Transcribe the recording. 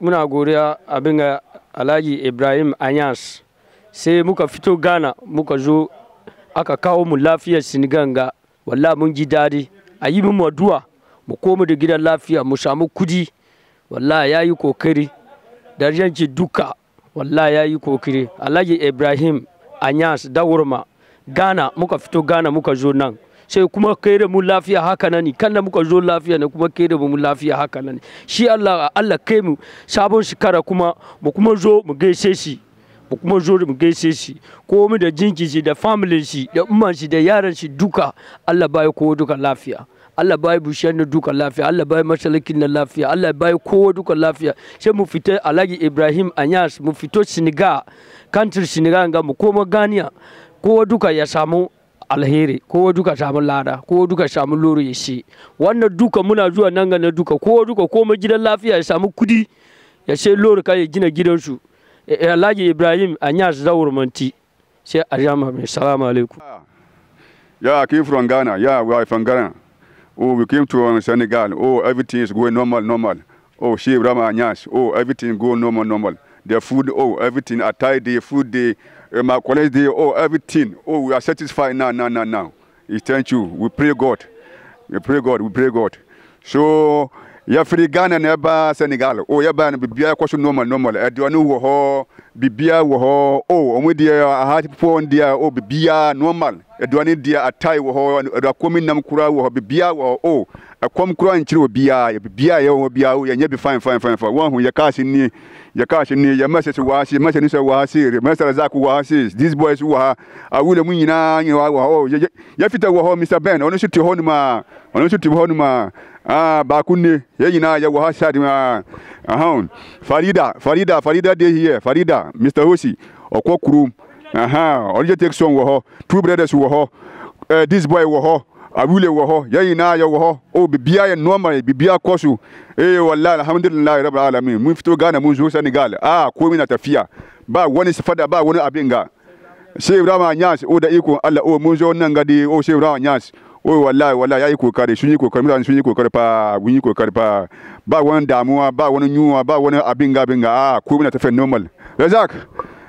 muna godiya abin ga alhaji ibrahim anyas sai muka fito ghana muka zo aka kawo mu lafiyar senegal ga wallah mun ji daɗi a yi min addu'a mu komu da gidan lafiya mu samu kudi wallah ya yi kokari darjanci duka wallah ya yi kokari alhaji ibrahim anyas dawurma ghana muka fito ghana muka zo nan sai kuma kai mu lafiya haka nan muka zo lafiya ne kuma kai mu lafiya haka shi Allah Allah kai mu sabon shekara kuma mu kuma zo mu gaishe shi mu kuma zo mu gaishe shi ko mu da jinki shi da family shi da umman shi da yaran shi duka Allah bai ko duka lafiya Allah bai bushiyar na duka lafiya Allah bai masalakin na lafiya Allah bai kowa duka lafiya sai mu fita Alhaji Ibrahim Anyas mu fito Siniga kantir Siniga ga mu kowa duka alheri kowa duka samu lada kowa duka samu loro ya shi wannan duka muna zuwa nan ga na duka kowa duka koma gidan lafiya ya samu kudi ya sai loro ka ya gina gidansu eh, alhaji ibrahim anyas zawurmanti sai arjama mai salamu alaikum yeah i came from ghana yeah we are from ghana oh we came to senegal oh everything is normal normal oh she ibrahim anyas oh everything go normal normal their food, oh, everything, attire, their food, they, uh, my college, they, oh, everything. Oh, we are satisfied now, now, It's thank you. We pray God. We pray God. We pray God. yɛfiri ghana na ɛba senegal o yɛba no biribiaa kɔ so normal normal aduane wɔ hɔ biribiaa wɔ hɔ o ɔmo deɛ ahatefoɔ deɛ o biribiaa normal aduane deɛ atae wɔ hɔ aduakomi nam koraa wɔ hɔ biribiaa wɔ hɔ o ɛkɔm koraa nkyerɛ wɔ biaa biribiaa yɛwɔ hɔ biaa o yɛnyɛ bi fine fine fine fine wɔn ho yɛkaase nie yɛkaase nie yɛmɛsɛ sɛ wɔase mɛsɛ ne sɛ wɔase mɛsɛ razak wɔase these boys wɔ ha awura mu nyinaa nyinaa wɔ ha o yɛfita wɔ hɔ mr ben ɔno nso te hɔ nom a ɔno nso te hɔ nom a ah bakunne ye nyinaa yɛ wɔ ha farida farida farida de here farida mr hosi ɔkɔ kurom ahɔn ɔlɔdze take song two brothers wɔ hɔ uh, boy wɔ hɔ awule wɔ hɔ yɛ nyinaa yɛ o bibia yɛ normal bibia kɔ so ee walayi alamin mun fito ghana mun zo senegal ah komi tafiya ba wani fada ba wani abin ga sai ibrahim anyas o oh wallahi wallahi yayi kokari sun yi kokari mutane sun yi kokari fa mun yi kokari fa ba wani damuwa ba wani yunwa ba wani abin ga abin ga a ko muna tafiya